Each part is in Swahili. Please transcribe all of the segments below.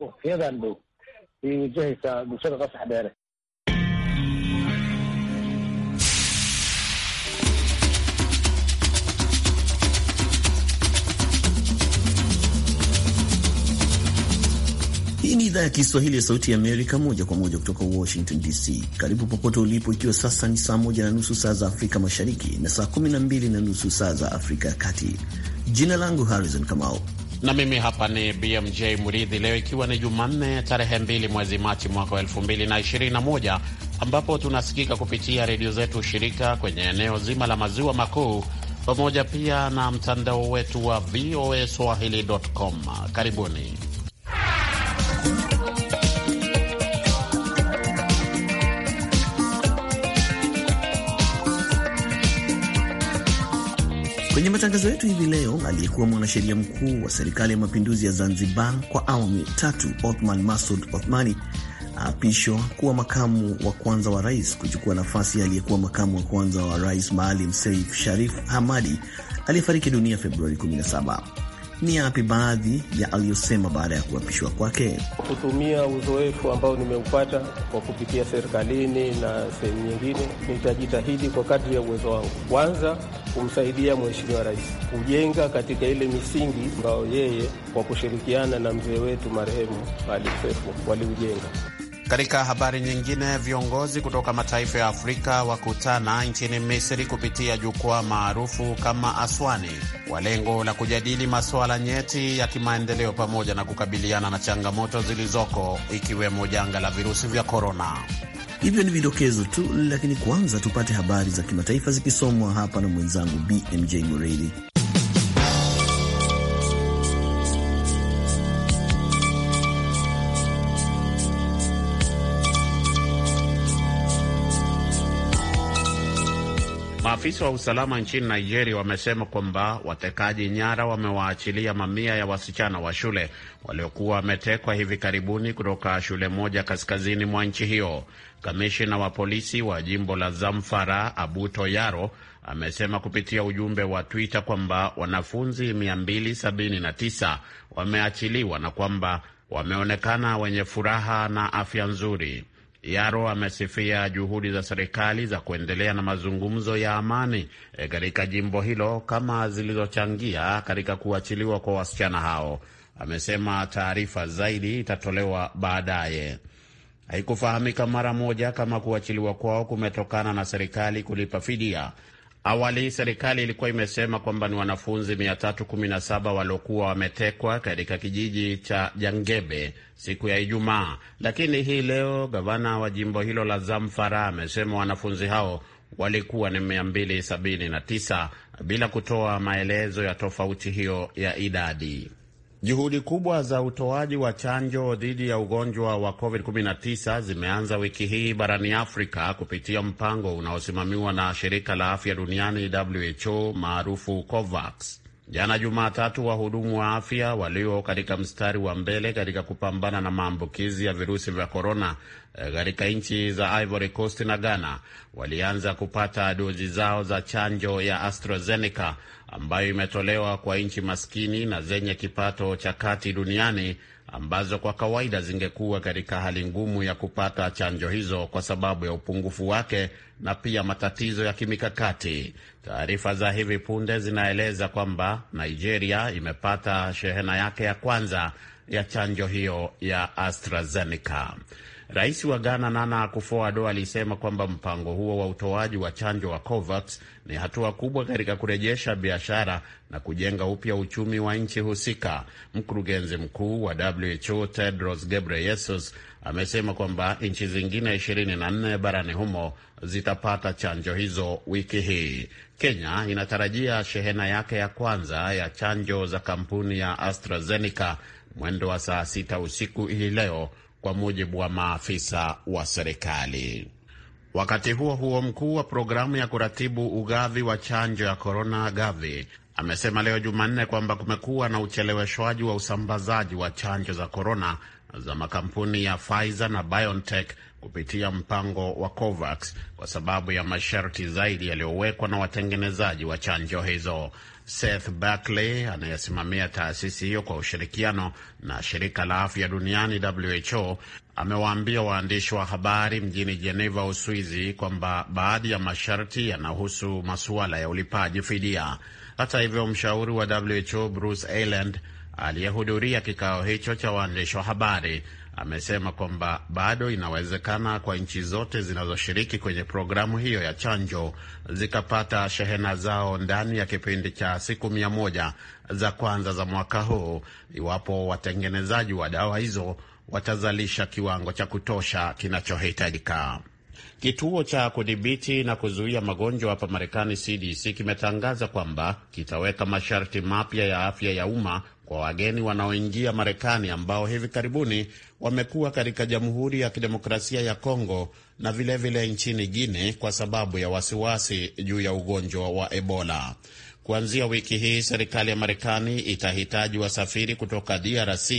waqtiyadan dhow ayay wajahaysaa bulshada qasax dheere. Hii ni idhaa ya Kiswahili ya Sauti ya Amerika, moja kwa moja kutoka Washington DC. Karibu popote ulipo, ikiwa sasa ni saa moja na nusu saa za Afrika Mashariki na saa kumi na mbili na nusu saa za Afrika ya Kati. Jina langu Harrison Kamau na mimi hapa ni BMJ Muridhi. Leo ikiwa ni Jumanne tarehe 2 mwezi Machi mwaka wa moja ambapo tunasikika kupitia redio zetu shirika kwenye eneo zima la maziwa makuu pamoja pia na mtandao wetu wa voa swahili.com. Karibuni Kwenye matangazo yetu hivi leo, aliyekuwa mwanasheria mkuu wa serikali ya mapinduzi ya Zanzibar kwa awamu tatu Othman Masud Othmani aapishwa kuwa makamu wa kwanza wa rais kuchukua nafasi aliyekuwa makamu wa kwanza wa rais Maalim Seif Sharif Hamadi aliyefariki dunia Februari 17 ni yapi baadhi ya aliyosema baada ya kuapishwa kwake? Kutumia uzoefu ambao nimeupata kwa kupitia serikalini na sehemu nyingine, nitajitahidi kwa kadri ya uwezo wangu, kwanza kumsaidia Mheshimiwa Rais kujenga katika ile misingi ambayo yeye kwa kushirikiana na mzee wetu marehemu Maalim Seif waliujenga. Katika habari nyingine, viongozi kutoka mataifa ya Afrika wakutana nchini Misri kupitia jukwaa maarufu kama Aswani kwa lengo la kujadili masuala nyeti ya kimaendeleo pamoja na kukabiliana na changamoto zilizoko ikiwemo janga la virusi vya korona. Hivyo ni vidokezo tu, lakini kwanza tupate habari za kimataifa zikisomwa hapa na mwenzangu BMJ Mureidi. Maafisa wa usalama nchini Nigeria wamesema kwamba watekaji nyara wamewaachilia mamia ya wasichana wa shule waliokuwa wametekwa hivi karibuni kutoka shule moja kaskazini mwa nchi hiyo. Kamishina wa polisi wa jimbo la Zamfara, Abuto Yaro, amesema kupitia ujumbe wa Twitter kwamba wanafunzi 279 wameachiliwa na kwamba wameonekana wenye furaha na afya nzuri. Yaro amesifia juhudi za serikali za kuendelea na mazungumzo ya amani e, katika jimbo hilo kama zilizochangia katika kuachiliwa kwa wasichana hao. Amesema taarifa zaidi itatolewa baadaye. Haikufahamika mara moja kama kuachiliwa kwao kumetokana na serikali kulipa fidia, Awali serikali ilikuwa imesema kwamba ni wanafunzi 317 waliokuwa wametekwa katika kijiji cha Jangebe siku ya Ijumaa, lakini hii leo gavana wa jimbo hilo la Zamfara amesema wanafunzi hao walikuwa ni 279 bila kutoa maelezo ya tofauti hiyo ya idadi. Juhudi kubwa za utoaji wa chanjo dhidi ya ugonjwa wa COVID-19 zimeanza wiki hii barani Afrika kupitia mpango unaosimamiwa na shirika la afya duniani WHO maarufu COVAX. Jana Jumatatu, wahudumu wa afya walio katika mstari wa mbele katika kupambana na maambukizi ya virusi vya korona eh, katika nchi za Ivory Coast na Ghana walianza kupata dozi zao za chanjo ya AstraZeneca ambayo imetolewa kwa nchi maskini na zenye kipato cha kati duniani ambazo kwa kawaida zingekuwa katika hali ngumu ya kupata chanjo hizo kwa sababu ya upungufu wake na pia matatizo ya kimikakati. Taarifa za hivi punde zinaeleza kwamba Nigeria imepata shehena yake ya kwanza ya chanjo hiyo ya AstraZeneca. Rais wa Ghana Nana Akufo-Addo alisema kwamba mpango huo wa utoaji wa chanjo wa COVAX ni hatua kubwa katika kurejesha biashara na kujenga upya uchumi wa nchi husika. Mkurugenzi mkuu wa WHO Tedros Ghebreyesus amesema kwamba nchi zingine 24 barani humo zitapata chanjo hizo wiki hii. Kenya inatarajia shehena yake ya kwanza ya chanjo za kampuni ya AstraZeneca mwendo wa saa sita usiku hii leo kwa mujibu wa maafisa wa serikali. Wakati huo huo, mkuu wa programu ya kuratibu ugavi wa chanjo ya korona GAVI amesema leo Jumanne kwamba kumekuwa na ucheleweshwaji wa usambazaji wa chanjo za korona za makampuni ya Pfizer na BioNTech kupitia mpango wa COVAX kwa sababu ya masharti zaidi yaliyowekwa na watengenezaji wa chanjo hizo. Seth Berkley anayesimamia taasisi hiyo kwa ushirikiano na shirika la afya duniani WHO amewaambia waandishi wa habari mjini Geneva, Uswizi, kwamba baadhi ya masharti yanahusu masuala ya ulipaji fidia. Hata hivyo, mshauri wa WHO Bruce Eyland aliyehudhuria kikao hicho cha waandishi wa habari amesema kwamba bado inawezekana kwa nchi zote zinazoshiriki kwenye programu hiyo ya chanjo zikapata shehena zao ndani ya kipindi cha siku mia moja za kwanza za mwaka huu iwapo watengenezaji wa dawa hizo watazalisha kiwango cha kutosha kinachohitajika. Kituo cha kudhibiti na kuzuia magonjwa hapa Marekani, CDC, kimetangaza kwamba kitaweka masharti mapya ya afya ya umma kwa wageni wanaoingia Marekani ambao hivi karibuni wamekuwa katika Jamhuri ya Kidemokrasia ya Kongo na vilevile vile nchini Guinea kwa sababu ya wasiwasi juu ya ugonjwa wa Ebola. Kuanzia wiki hii serikali ya Marekani itahitaji wasafiri kutoka DRC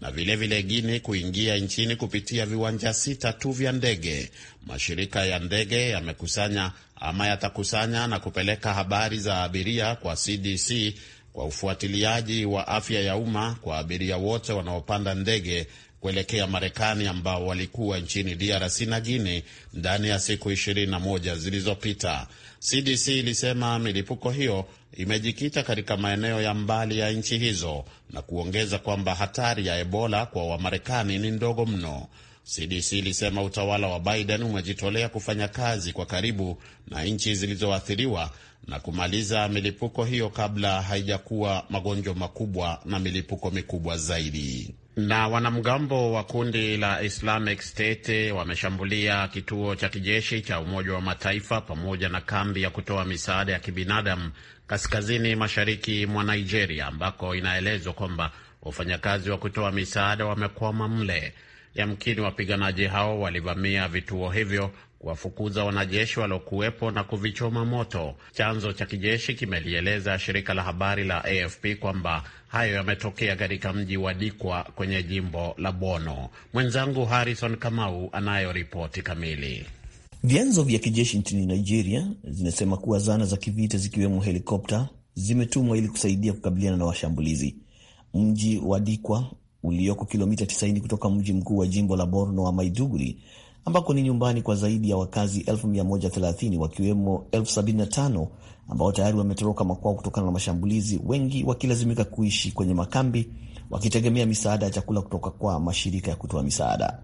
na vilevile guine kuingia nchini kupitia viwanja sita tu vya ndege. Mashirika ya ndege yamekusanya ama yatakusanya na kupeleka habari za abiria kwa CDC kwa ufuatiliaji wa afya ya umma kwa abiria wote wanaopanda ndege kuelekea Marekani ambao walikuwa nchini DRC na Guinea ndani ya siku 21 zilizopita. CDC ilisema milipuko hiyo imejikita katika maeneo ya mbali ya nchi hizo na kuongeza kwamba hatari ya Ebola kwa Wamarekani ni ndogo mno. CDC ilisema utawala wa Biden umejitolea kufanya kazi kwa karibu na nchi zilizoathiriwa na kumaliza milipuko hiyo kabla haijakuwa magonjwa makubwa na milipuko mikubwa zaidi. Na wanamgambo wa kundi la Islamic State wameshambulia kituo cha kijeshi cha Umoja wa Mataifa pamoja na kambi ya kutoa misaada ya kibinadamu kaskazini mashariki mwa Nigeria, ambako inaelezwa kwamba wafanyakazi wa kutoa misaada wamekwama mle. Yamkini wapiganaji hao walivamia vituo hivyo kuwafukuza wanajeshi waliokuwepo na kuvichoma moto. Chanzo cha kijeshi kimelieleza shirika la habari la AFP kwamba hayo yametokea katika mji wa Dikwa kwenye jimbo la Bono. Mwenzangu Harrison Kamau anayo ripoti kamili. Vyanzo vya kijeshi nchini Nigeria zinasema kuwa zana za kivita zikiwemo helikopta zimetumwa ili kusaidia kukabiliana na washambulizi. Mji wa Dikwa ulioko kilomita 90 kutoka mji mkuu wa jimbo la Borno wa Maiduguri, ambako ni nyumbani kwa zaidi ya wakazi 130 wakiwemo 75 ambao tayari wametoroka makwao kutokana na mashambulizi, wengi wakilazimika kuishi kwenye makambi wakitegemea misaada ya chakula kutoka kwa mashirika ya kutoa misaada.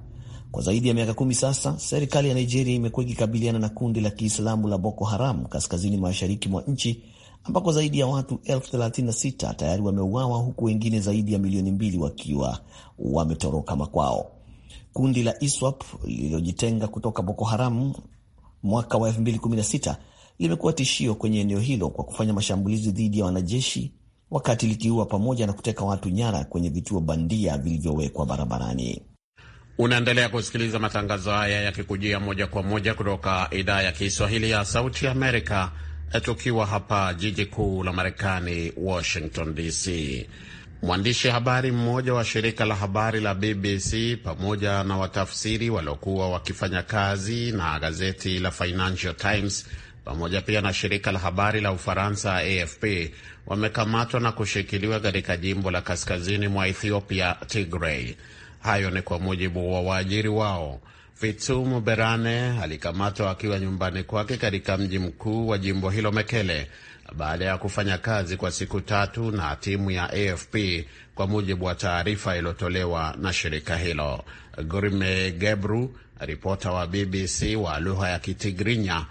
Kwa zaidi ya miaka kumi sasa, serikali ya Nigeria imekuwa ikikabiliana na kundi la Kiislamu la Boko Haram kaskazini mashariki mwa nchi ambako zaidi ya watu elfu 36 tayari wameuawa huku wengine zaidi ya milioni mbili wakiwa wametoroka makwao. Kundi la ISWAP lililojitenga kutoka Boko Haram mwaka wa 2016 limekuwa tishio kwenye eneo hilo kwa kufanya mashambulizi dhidi ya wanajeshi wakati likiua pamoja na kuteka watu nyara kwenye vituo bandia vilivyowekwa barabarani. Unaendelea kusikiliza matangazo haya yakikujia moja kwa moja kutoka idhaa ya Kiswahili ya Sauti ya Amerika tukiwa hapa jiji kuu la Marekani, Washington DC. Mwandishi habari mmoja wa shirika la habari la BBC pamoja na watafsiri waliokuwa wakifanya kazi na gazeti la Financial Times pamoja pia na shirika la habari la Ufaransa AFP wamekamatwa na kushikiliwa katika jimbo la kaskazini mwa Ethiopia, Tigray. Hayo ni kwa mujibu wa waajiri wao. Vitum Berane alikamatwa akiwa nyumbani kwake katika mji mkuu wa jimbo hilo Mekele, baada ya kufanya kazi kwa siku tatu na timu ya AFP kwa mujibu wa taarifa iliyotolewa na shirika hilo. Gurime Gebru, ripota wa BBC wa lugha ya Kitigrinya,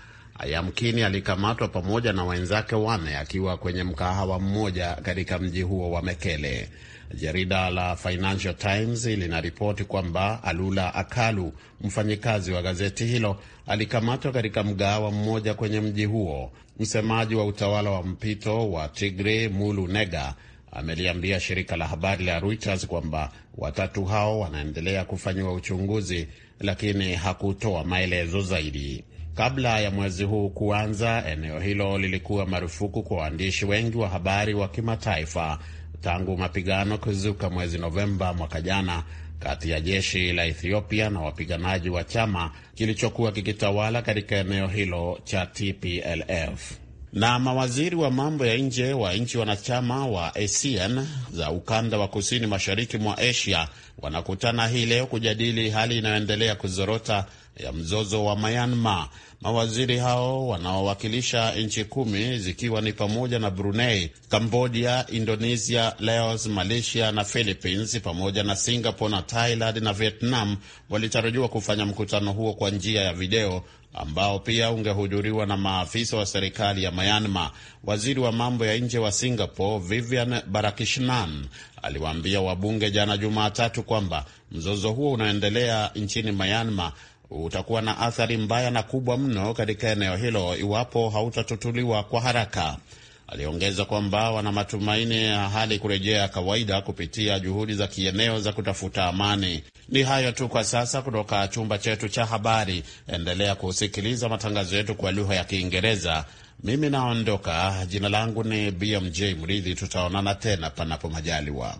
yamkini alikamatwa pamoja na wenzake wane akiwa kwenye mkahawa mmoja katika mji huo wa Mekele. Jarida la Financial Times linaripoti kwamba Alula Akalu, mfanyikazi wa gazeti hilo, alikamatwa katika mgahawa mmoja kwenye mji huo. Msemaji wa utawala wa mpito wa Tigre, Mulu Nega, ameliambia shirika la habari la Reuters kwamba watatu hao wanaendelea kufanyiwa uchunguzi, lakini hakutoa maelezo zaidi. Kabla ya mwezi huu kuanza, eneo hilo lilikuwa marufuku kwa waandishi wengi wa habari wa kimataifa tangu mapigano kuzuka mwezi Novemba mwaka jana kati ya jeshi la Ethiopia na wapiganaji wa chama kilichokuwa kikitawala katika eneo hilo cha TPLF. Na mawaziri wa mambo ya nje wa nchi wanachama wa ASEAN za ukanda wa kusini mashariki mwa Asia wanakutana hii leo kujadili hali inayoendelea kuzorota ya mzozo wa Myanmar Mawaziri hao wanaowakilisha nchi kumi zikiwa ni pamoja na Brunei, kambodia Indonesia, Laos, Malaysia na Philippines pamoja na Singapore na Thailand na Vietnam walitarajiwa kufanya mkutano huo kwa njia ya video ambao pia ungehudhuriwa na maafisa wa serikali ya Myanmar. Waziri wa mambo ya nje wa Singapore Vivian Balakrishnan aliwaambia wabunge jana Jumatatu kwamba mzozo huo unaendelea nchini Myanmar utakuwa na athari mbaya na kubwa mno katika eneo hilo iwapo hautatutuliwa kwa haraka. Aliongeza kwamba wana matumaini ya hali kurejea kawaida kupitia juhudi za kieneo za kutafuta amani. Ni hayo tu kwa sasa kutoka chumba chetu cha habari. Endelea kusikiliza matangazo yetu kwa lugha ya Kiingereza. Mimi naondoka, jina langu ni BMJ Mridhi. Tutaonana tena panapo majaliwa.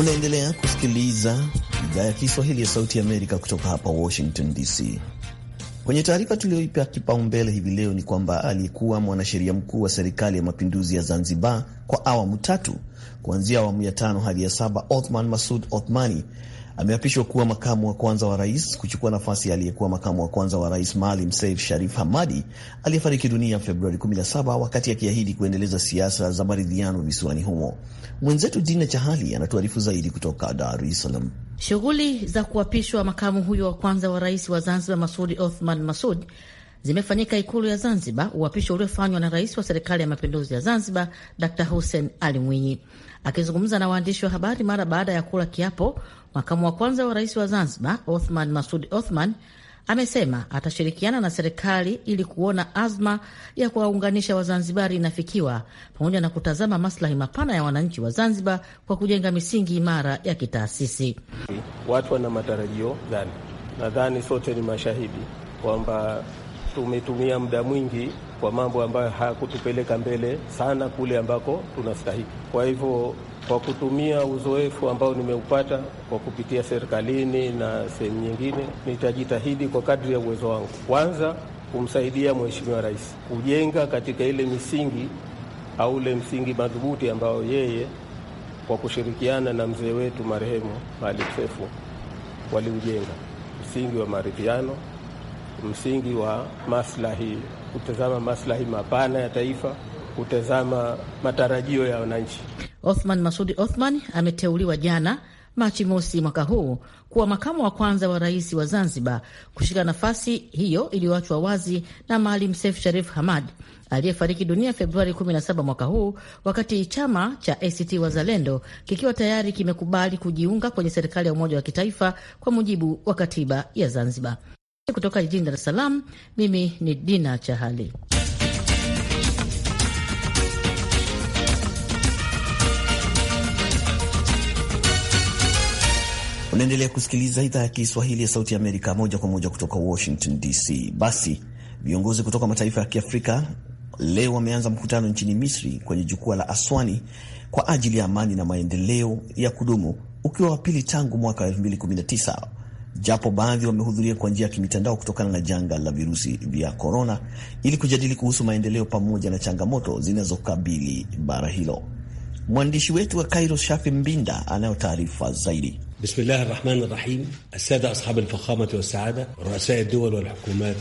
Unaendelea kusikiliza idhaa ya Kiswahili ya Sauti ya Amerika kutoka hapa Washington DC. Kwenye taarifa tuliyoipa kipaumbele hivi leo ni kwamba aliyekuwa mwanasheria mkuu wa serikali ya mapinduzi ya Zanzibar kwa awamu tatu kuanzia awamu ya tano hadi ya saba, Othman Masud Othmani ameapishwa kuwa makamu wa kwanza wa rais kuchukua nafasi ya aliyekuwa makamu wa kwanza wa rais Maalim Seif Sharif Hamadi aliyefariki dunia Februari 17 wakati akiahidi kuendeleza siasa za maridhiano visiwani humo. Mwenzetu Dina Chahali anatuarifu zaidi kutoka Dar es Salaam. Shughuli za kuapishwa makamu huyo wa kwanza wa rais wa Zanzibar Masudi Othman Masud zimefanyika Ikulu ya Zanzibar, uapisho uliofanywa na rais wa Serikali ya Mapinduzi ya Zanzibar Dr Hussein Ali Mwinyi. Akizungumza na waandishi wa habari mara baada ya kula kiapo, makamu wa kwanza wa rais wa Zanzibar Othman Masud Othman amesema atashirikiana na serikali ili kuona azma ya kuwaunganisha Wazanzibari inafikiwa pamoja na kutazama maslahi mapana ya wananchi wa Zanzibar kwa kujenga misingi imara ya kitaasisi. Watu wana matarajio gani? Nadhani sote ni mashahidi kwamba tumetumia muda mwingi kwa mambo ambayo hayakutupeleka mbele sana kule ambako tunastahiki. Kwa hivyo, kwa kutumia uzoefu ambao nimeupata kwa kupitia serikalini na sehemu nyingine, nitajitahidi kwa kadri ya uwezo wangu, kwanza kumsaidia Mheshimiwa Rais kujenga katika ile misingi au ule msingi madhubuti ambayo yeye kwa kushirikiana na mzee wetu marehemu Maalim Seif waliujenga, msingi wa maridhiano msingi wa maslahi, kutazama maslahi mapana ya taifa, kutazama matarajio ya wananchi. Othman Masudi Othman ameteuliwa jana Machi mosi mwaka huu kuwa makamu wa kwanza wa rais wa Zanzibar kushika nafasi hiyo iliyoachwa wazi na Maalim Seif Sharif Hamad aliyefariki dunia Februari 17 mwaka huu, wakati chama cha ACT Wazalendo kikiwa tayari kimekubali kujiunga kwenye serikali ya umoja wa kitaifa kwa mujibu wa katiba ya Zanzibar. Kutoka jijini Dar es Salaam, mimi ni Dina Chahali. Unaendelea kusikiliza idhaa ya Kiswahili ya Sauti ya Amerika moja kwa moja kutoka Washington DC. Basi viongozi kutoka mataifa ya Kiafrika leo wameanza mkutano nchini Misri kwenye jukwaa la Aswani kwa ajili ya amani na maendeleo ya kudumu, ukiwa wa pili tangu mwaka wa japo baadhi wamehudhuria kwa njia ya kimitandao kutokana na janga la virusi vya korona, ili kujadili kuhusu maendeleo pamoja na changamoto zinazokabili bara hilo. Mwandishi wetu wa Kairo, Shafi Mbinda, anayo taarifa zaidi. Bismillahi rahmani rahim asada ashabi wasaada ruasai walhukumat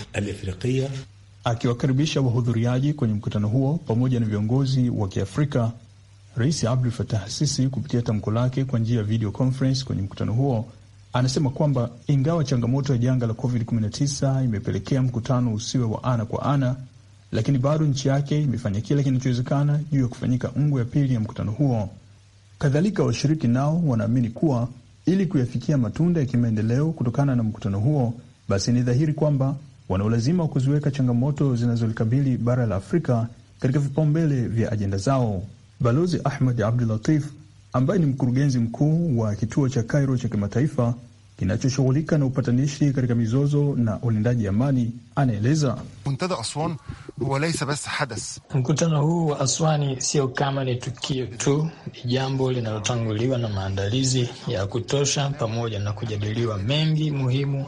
Akiwakaribisha wahudhuriaji kwenye mkutano huo pamoja na viongozi wa Kiafrika, Rais Abdul Fatah Sisi kupitia tamko lake kwa njia ya video conference kwenye mkutano huo Anasema kwamba ingawa changamoto ya janga la COVID-19 imepelekea mkutano usiwe wa ana kwa ana, lakini bado nchi yake imefanya kila kinachowezekana juu ya kufanyika ungu ya pili ya mkutano huo. Kadhalika, washiriki nao wanaamini kuwa ili kuyafikia matunda ya kimaendeleo kutokana na mkutano huo, basi ni dhahiri kwamba wana ulazima wa kuziweka changamoto zinazolikabili bara la Afrika katika vipaumbele vya ajenda zao. Balozi Ahmed Abdulatif ambaye ni mkurugenzi mkuu wa kituo cha Cairo cha kimataifa kinachoshughulika na upatanishi katika mizozo na ulindaji amani, anaeleza mkutano huu wa Aswani sio kama ni tukio tu, ni jambo linalotanguliwa na maandalizi ya kutosha, pamoja na kujadiliwa mengi muhimu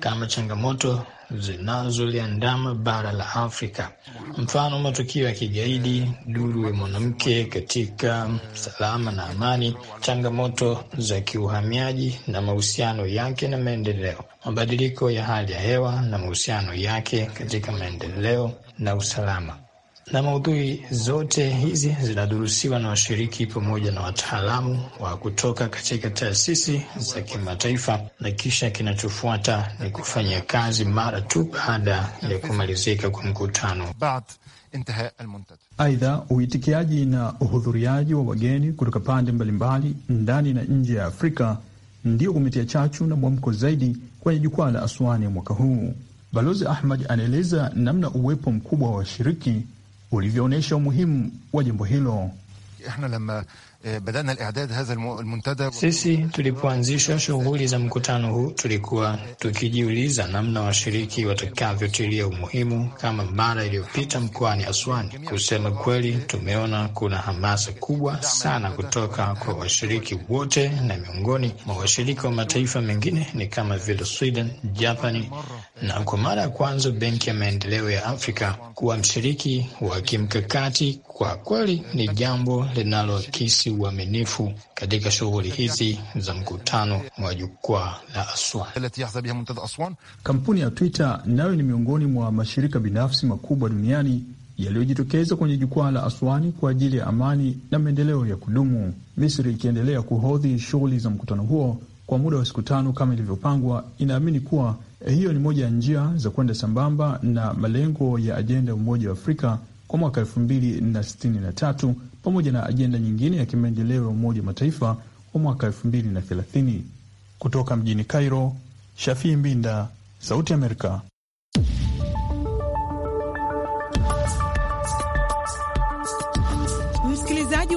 kama changamoto zinazoliandama bara la Afrika, mfano matukio ya kigaidi, duru ya mwanamke katika salama na amani, changamoto za kiuhamiaji na mahusiano yake na maendeleo, mabadiliko ya hali ya hewa na mahusiano yake katika maendeleo na usalama na maudhui zote hizi zinadurusiwa na washiriki pamoja na wataalamu wa kutoka katika taasisi za kimataifa, na kisha kinachofuata ni kufanya kazi mara tu baada ya kumalizika kwa mkutano. Aidha, uitikiaji na uhudhuriaji wa wageni kutoka pande mbalimbali ndani na nje ya Afrika ndio kumetia chachu na mwamko zaidi kwenye jukwaa la Aswani ya mwaka huu. Balozi Ahmad anaeleza namna uwepo mkubwa wa washiriki ulivyoonyesha umuhimu wa jambo hilo. Eh, Sisi tulipoanzisha shughuli za mkutano huu tulikuwa tukijiuliza namna washiriki watakavyotilia umuhimu, kama mara iliyopita mkoani Aswani. Kusema kweli, tumeona kuna hamasa kubwa sana kutoka kwa washiriki wote, na miongoni mwa washiriki wa mataifa mengine ni kama vile Sweden, Japani na kwa mara ya kwanza Benki ya Maendeleo ya Afrika kuwa mshiriki wa kimkakati kwa kweli ni jambo linalokisi uaminifu katika shughuli hizi za mkutano wa jukwaa la Aswan. Kampuni ya Twitter nayo ni miongoni mwa mashirika binafsi makubwa duniani yaliyojitokeza kwenye jukwaa la Aswani kwa ajili ya amani na maendeleo ya kudumu, Misri ikiendelea kuhodhi shughuli za mkutano huo kwa muda wa siku tano kama ilivyopangwa. Inaamini kuwa hiyo ni moja ya njia za kwenda sambamba na malengo ya ajenda ya Umoja wa Afrika wa mwaka tatu pamoja na ajenda nyingine ya kimaendeleo ya Umoja wa Mataifa wa mwaka thelathini. Kutoka mjini Cairo, Shafii Mbinda, Sauti Amerika.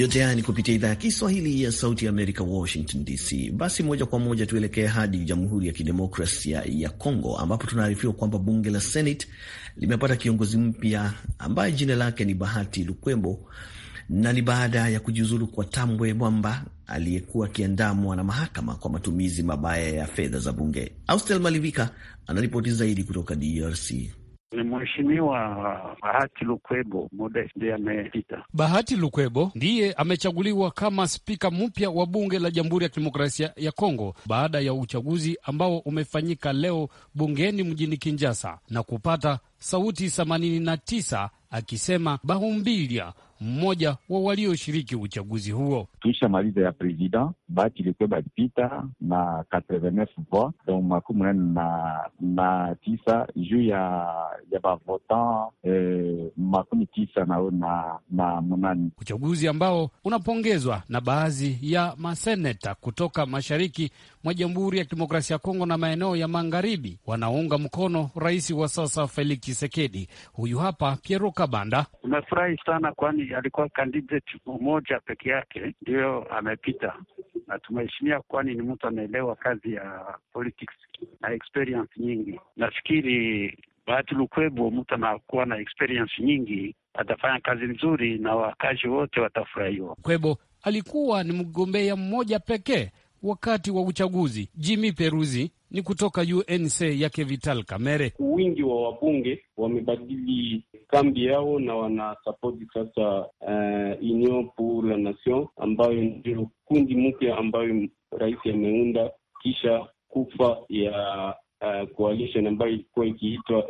Yote haya ni kupitia idhaa ya Kiswahili ya Sauti ya Amerika, Washington DC. Basi moja kwa moja tuelekee hadi Jamhuri ya Kidemokrasia ya congo ambapo tunaarifiwa kwamba bunge la Senate limepata kiongozi mpya ambaye jina lake ni Bahati Lukwembo, na ni baada ya kujiuzulu kwa Tambwe Mwamba aliyekuwa akiandamwa na mahakama kwa matumizi mabaya ya fedha za bunge. Austel Malivika anaripoti zaidi kutoka DRC. Ni Mheshimiwa uh, Bahati Lukwebo, muda ndiye amepita. Bahati Lukwebo ndiye amechaguliwa kama spika mpya wa bunge la Jamhuri ya Kidemokrasia ya Kongo baada ya uchaguzi ambao umefanyika leo bungeni mjini kinjasa na kupata sauti 89 akisema Bahumbilia mmoja wa walioshiriki uchaguzi huo. Tuisha maliza ya president bahati ilikuwa alipita na 89 voix donc makumi munane na, na tisa juu ya ya bavotan eh, makumi tisa nao na, na munani. uchaguzi ambao unapongezwa na baadhi ya maseneta kutoka mashariki mwa Jamhuri ya Kidemokrasia ya Kongo na maeneo ya magharibi wanaunga mkono rais wa sasa Felix chisekedi Huyu hapa Piero Kabanda. Tumefurahi sana kwani alikuwa candidate mmoja peke yake ndiyo amepita. Na tumeheshimia kwani ni mtu anaelewa kazi ya politics na experience nyingi. Nafikiri Bahati Lukwebo, mtu anakuwa na experience nyingi, atafanya kazi nzuri na wakazi wote watafurahiwa. Kwebo alikuwa ni mgombea mmoja pekee wakati wa uchaguzi. Jimmy Peruzi ni kutoka UNC yake Vital Kamere. Wingi wa wabunge wamebadili kambi yao na wanasapoti sasa uh, Union pour la Nation ambayo ndio kundi mpya ambayo rais ameunda kisha kufa ya Uh, coalition ambayo ilikuwa ikiitwa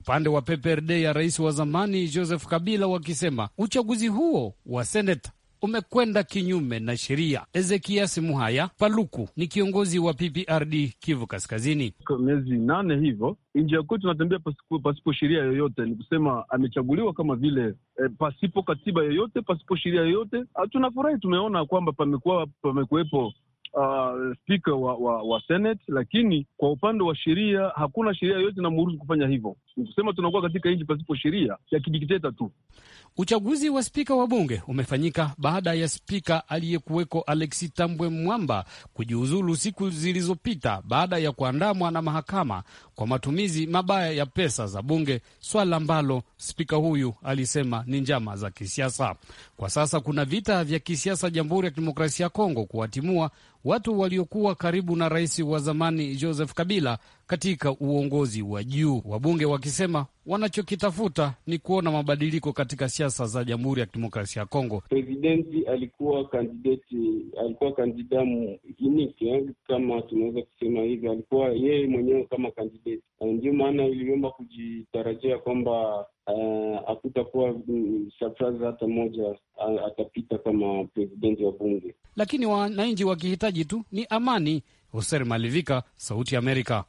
upande wa PPRD ya rais wa zamani Joseph Kabila wakisema uchaguzi huo wa seneta umekwenda kinyume na sheria. Ezekias Muhaya Paluku ni kiongozi wa PPRD Kivu Kaskazini. miezi nane hivyo ya kuu tunatembea pasipo, pasipo sheria yoyote. Ni kusema amechaguliwa kama vile e, pasipo katiba yoyote, pasipo sheria yoyote. Tunafurahi, tumeona kwamba pamekuwa pamekuwepo Uh, ah, spika wa, wa, wa Senate, lakini kwa upande wa sheria hakuna sheria yoyote inamruhusu kufanya hivyo kusema tunakuwa katika nchi pasipo sheria ya kidikteta tu. Uchaguzi wa spika wa bunge umefanyika baada ya spika aliyekuweko Alexi Tambwe Mwamba kujiuzulu siku zilizopita baada ya kuandamwa na mahakama kwa matumizi mabaya ya pesa za bunge, swala ambalo spika huyu alisema ni njama za kisiasa. Kwa sasa kuna vita vya kisiasa Jamhuri ya Kidemokrasia ya Kongo kuwatimua watu waliokuwa karibu na rais wa zamani Joseph Kabila katika uongozi wa juu, wabunge wakisema wanachokitafuta ni kuona mabadiliko katika siasa za Jamhuri ya Kidemokrasia ya Kongo. Presidenti alikuwa kandidati, alikuwa kandida eh, kama tunaweza kusema hivi, alikuwa yeye mwenyewe kama kandidati, ndio maana iliomba kujitarajia kwamba eh, hakutakuwa akutakuwa mm, surprise hata moja atapita kama presidenti wa bunge, lakini wananchi wakihitaji tu ni amani Hoser Malivika, Sauti Amerika.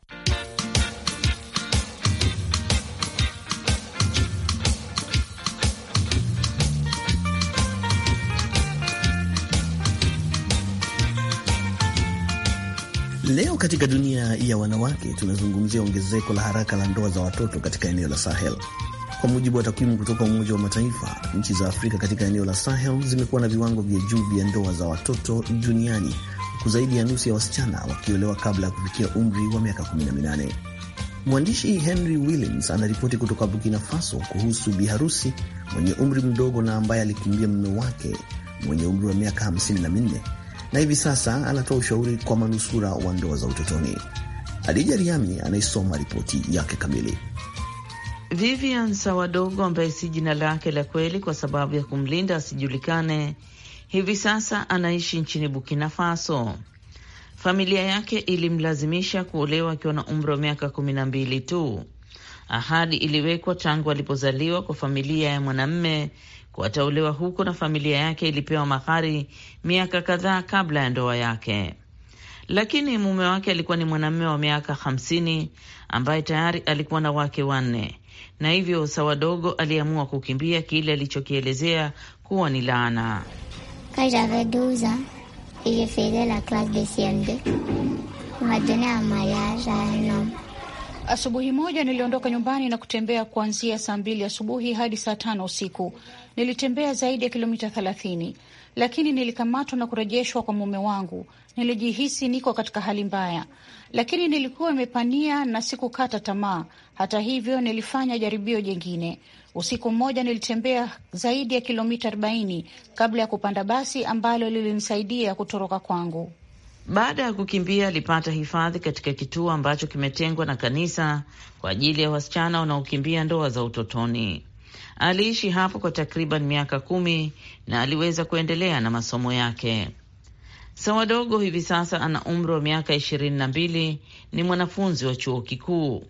Leo katika dunia ya wanawake tunazungumzia ongezeko la haraka la ndoa za watoto katika eneo la Sahel. Kwa mujibu wa takwimu kutoka Umoja wa Mataifa, nchi za Afrika katika eneo la Sahel zimekuwa na viwango vya juu vya ndoa za watoto duniani, huku zaidi ya nusu ya wasichana wakiolewa kabla ya kufikia umri wa miaka 18. Mwandishi Henry Williams anaripoti kutoka Burkina Faso kuhusu biharusi mwenye umri mdogo na ambaye alikimbia mume wake mwenye umri wa miaka 54 na hivi sasa anatoa ushauri kwa manusura wa ndoa za utotoni. Adija Riami anaisoma ripoti yake kamili. Vivian Sawadogo ambaye si jina lake la kweli kwa sababu ya kumlinda asijulikane, hivi sasa anaishi nchini Burkina Faso. Familia yake ilimlazimisha kuolewa akiwa na umri wa miaka kumi na mbili tu. Ahadi iliwekwa tangu alipozaliwa kwa familia ya mwanamme kuataolewa huko, na familia yake ilipewa mahari miaka kadhaa kabla ya ndoa yake, lakini mume wake alikuwa ni mwanamme wa miaka hamsini ambaye tayari alikuwa na wake wanne na hivyo Sawadogo aliamua kukimbia kile alichokielezea kuwa ni laana. Asubuhi moja niliondoka nyumbani na kutembea kuanzia saa mbili asubuhi hadi saa tano usiku. Nilitembea zaidi ya kilomita thelathini lakini nilikamatwa na kurejeshwa kwa mume wangu. Nilijihisi niko katika hali mbaya, lakini nilikuwa imepania na sikukata tamaa. Hata hivyo, nilifanya jaribio jengine Usiku mmoja nilitembea zaidi ya kilomita 40 kabla ya kupanda basi ambalo lilinisaidia kutoroka kwangu. Baada ya kukimbia, alipata hifadhi katika kituo ambacho kimetengwa na kanisa kwa ajili ya wasichana wanaokimbia ndoa za utotoni. Aliishi hapo kwa takriban miaka kumi na aliweza kuendelea na masomo yake. Sawadogo hivi sasa ana umri wa miaka ishirini na mbili, ni mwanafunzi wa chuo kikuu.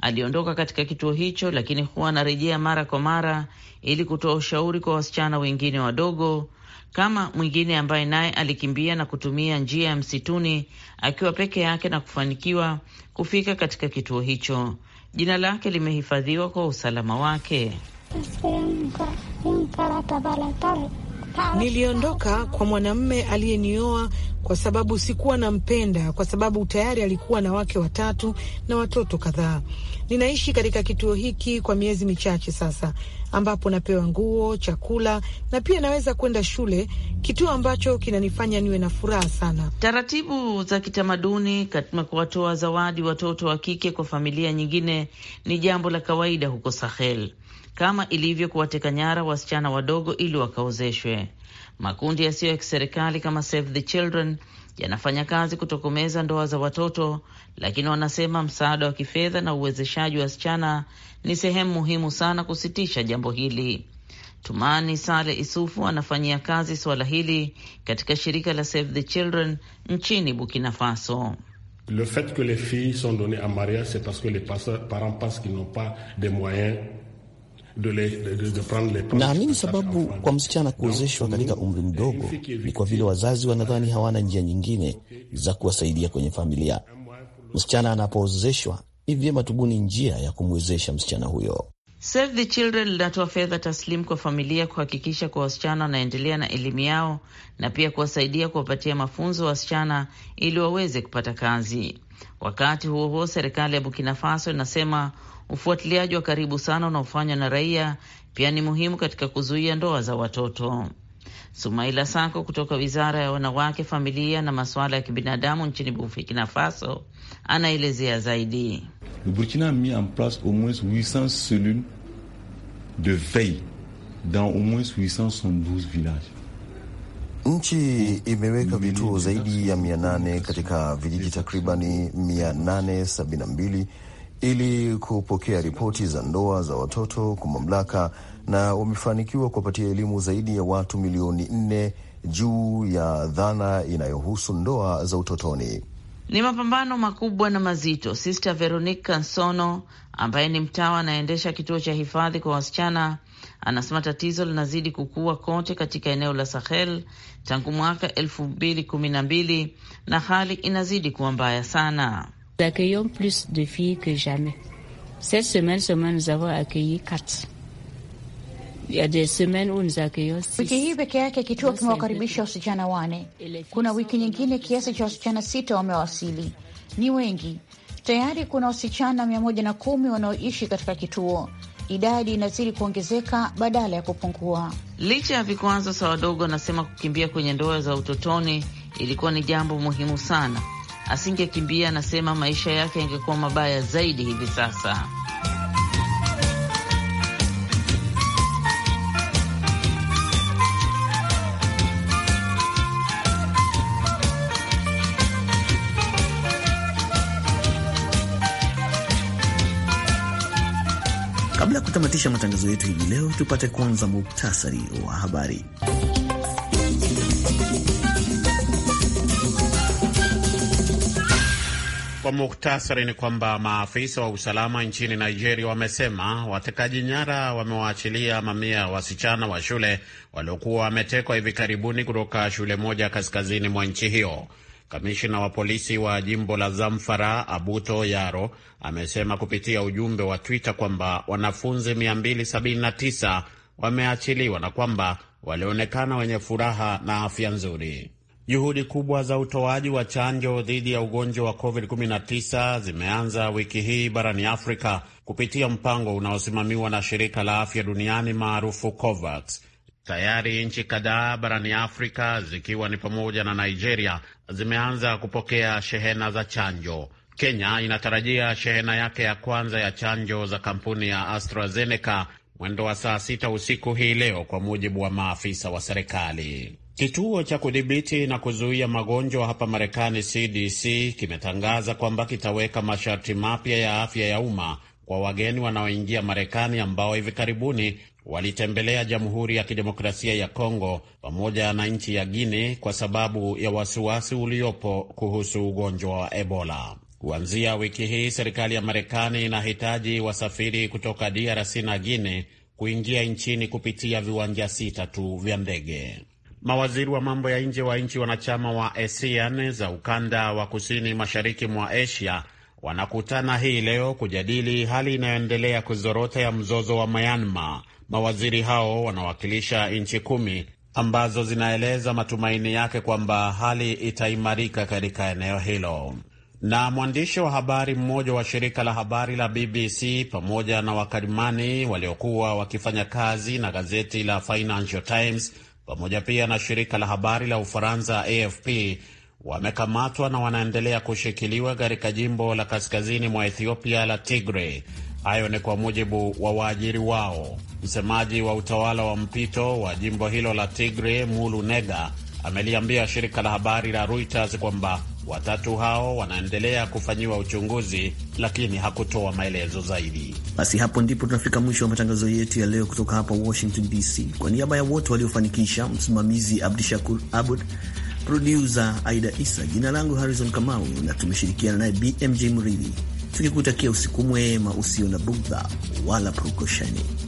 Aliondoka katika kituo hicho, lakini huwa anarejea mara kwa mara ili kutoa ushauri kwa wasichana wengine wadogo kama mwingine ambaye naye alikimbia na kutumia njia ya msituni akiwa peke yake na kufanikiwa kufika katika kituo hicho. Jina lake limehifadhiwa kwa usalama wake. Niliondoka kwa mwanamme aliyenioa kwa sababu sikuwa nampenda, kwa sababu tayari alikuwa na wake watatu na watoto kadhaa. Ninaishi katika kituo hiki kwa miezi michache sasa, ambapo napewa nguo, chakula na pia naweza kwenda shule, kituo ambacho kinanifanya niwe na furaha sana. Taratibu za kitamaduni katika kuwatoa zawadi watoto wa kike kwa familia nyingine ni jambo la kawaida huko Sahel kama ilivyo kuwateka nyara wasichana wadogo ili wakaozeshwe. Makundi yasiyo ya kiserikali kama Save the Children yanafanya kazi kutokomeza ndoa za watoto, lakini wanasema msaada wa kifedha na uwezeshaji wa wasichana ni sehemu muhimu sana kusitisha jambo hili. Tumani Sale Isufu anafanyia kazi suala hili katika shirika la Save the Children nchini Burkina Faso. Le fait que les filles sont données en mariage, c'est parce que les parents pensent qu'ils n'ont pas de moyens Naamini sababu kwa msichana kuozeshwa katika umri eh, mdogo ni kwa vile wazazi wanadhani hawana njia nyingine za kuwasaidia kwenye familia. Msichana anapoozeshwa, ni vyema tubuni njia ya kumwezesha msichana huyo. Save the Children linatoa fedha taslimu kwa familia kuhakikisha kuwa wasichana wanaendelea na elimu yao na pia kuwasaidia kuwapatia mafunzo wasichana ili waweze kupata kazi. Wakati huo huo, serikali ya Burkina Faso inasema Ufuatiliaji wa karibu sana unaofanywa na raia pia ni muhimu katika kuzuia ndoa za watoto. Sumaila Sako kutoka Wizara ya Wanawake, Familia na Masuala ya Kibinadamu nchini Burkina Faso anaelezea zaidi. Burkina mis en place au moins 800 cellules de veille dans au moins villages. Nchi imeweka vituo zaidi ya 800 katika vijiji takribani 872 ili kupokea ripoti za ndoa za watoto kwa mamlaka na wamefanikiwa kuwapatia elimu zaidi ya watu milioni nne juu ya dhana inayohusu ndoa za utotoni. Ni mapambano makubwa na mazito. Sister Veronica Nsono ambaye ni mtawa anaendesha kituo cha hifadhi kwa wasichana anasema tatizo linazidi kukua kote katika eneo la Sahel tangu mwaka elfu mbili kumi na mbili na hali inazidi kuwa mbaya sana. Nous accueillons plus de filles que jamais. Cette semaine seulement, nous avons accueilli quatre. Wiki hii peke yake kituo kimewakaribisha wasichana wane. Kuna wiki nyingine kiasi cha wasichana sita wamewasili. Ni wengi tayari. Kuna wasichana mia moja na kumi wanaoishi katika kituo. Idadi inazidi kuongezeka badala ya kupungua. Licha ya vikwazo, sawadogo anasema kukimbia kwenye ndoa za utotoni ilikuwa ni jambo muhimu sana asingekimbia, anasema maisha yake yangekuwa mabaya zaidi hivi sasa. Kabla ya kutamatisha matangazo yetu hivi leo, tupate kwanza muktasari wa habari. Kwa muhtasari ni kwamba maafisa wa usalama nchini Nigeria wamesema watekaji nyara wamewaachilia mamia ya wasichana wa shule waliokuwa wametekwa hivi karibuni kutoka shule moja kaskazini mwa nchi hiyo. Kamishina wa polisi wa jimbo la Zamfara Abuto Yaro amesema kupitia ujumbe wa Twitter kwamba wanafunzi 279 wameachiliwa na kwamba walionekana wenye furaha na afya nzuri. Juhudi kubwa za utoaji wa chanjo dhidi ya ugonjwa wa COVID-19 zimeanza wiki hii barani Afrika kupitia mpango unaosimamiwa na shirika la afya duniani maarufu COVAX. Tayari nchi kadhaa barani Afrika zikiwa ni pamoja na Nigeria zimeanza kupokea shehena za chanjo. Kenya inatarajia shehena yake ya kwanza ya chanjo za kampuni ya AstraZeneca mwendo wa saa sita usiku hii leo, kwa mujibu wa maafisa wa serikali. Kituo cha kudhibiti na kuzuia magonjwa hapa Marekani, CDC, kimetangaza kwamba kitaweka masharti mapya ya afya ya umma kwa wageni wanaoingia Marekani ambao hivi karibuni walitembelea Jamhuri ya Kidemokrasia ya Kongo pamoja na nchi ya Guinea kwa sababu ya wasiwasi uliopo kuhusu ugonjwa wa Ebola. Kuanzia wiki hii, serikali ya Marekani inahitaji wasafiri kutoka DRC na Guinea kuingia nchini kupitia viwanja sita tu vya ndege. Mawaziri wa mambo ya nje wa nchi wanachama wa ASEAN za ukanda wa kusini mashariki mwa Asia wanakutana hii leo kujadili hali inayoendelea kuzorota ya mzozo wa Myanmar. Mawaziri hao wanawakilisha nchi kumi ambazo zinaeleza matumaini yake kwamba hali itaimarika katika eneo hilo. Na mwandishi wa habari mmoja wa shirika la habari la BBC pamoja na wakarimani waliokuwa wakifanya kazi na gazeti la Financial Times pamoja pia na shirika la habari la Ufaransa AFP wamekamatwa na wanaendelea kushikiliwa katika jimbo la kaskazini mwa Ethiopia la Tigray. Hayo ni kwa mujibu wa waajiri wao. Msemaji wa utawala wa mpito wa jimbo hilo la Tigray, Mulu Nega, ameliambia shirika la habari la Reuters kwamba Watatu hao wanaendelea kufanyiwa uchunguzi, lakini hakutoa maelezo zaidi. Basi hapo ndipo tunafika mwisho wa matangazo yetu ya leo kutoka hapa Washington DC. Kwa niaba ya wote waliofanikisha, msimamizi Abdishakur Abud, produsa Aida Isa, jina langu Harrison Kamau na tumeshirikiana naye BMJ Mridhi, tukikutakia usiku mwema usio na bugdha wala prokosheni.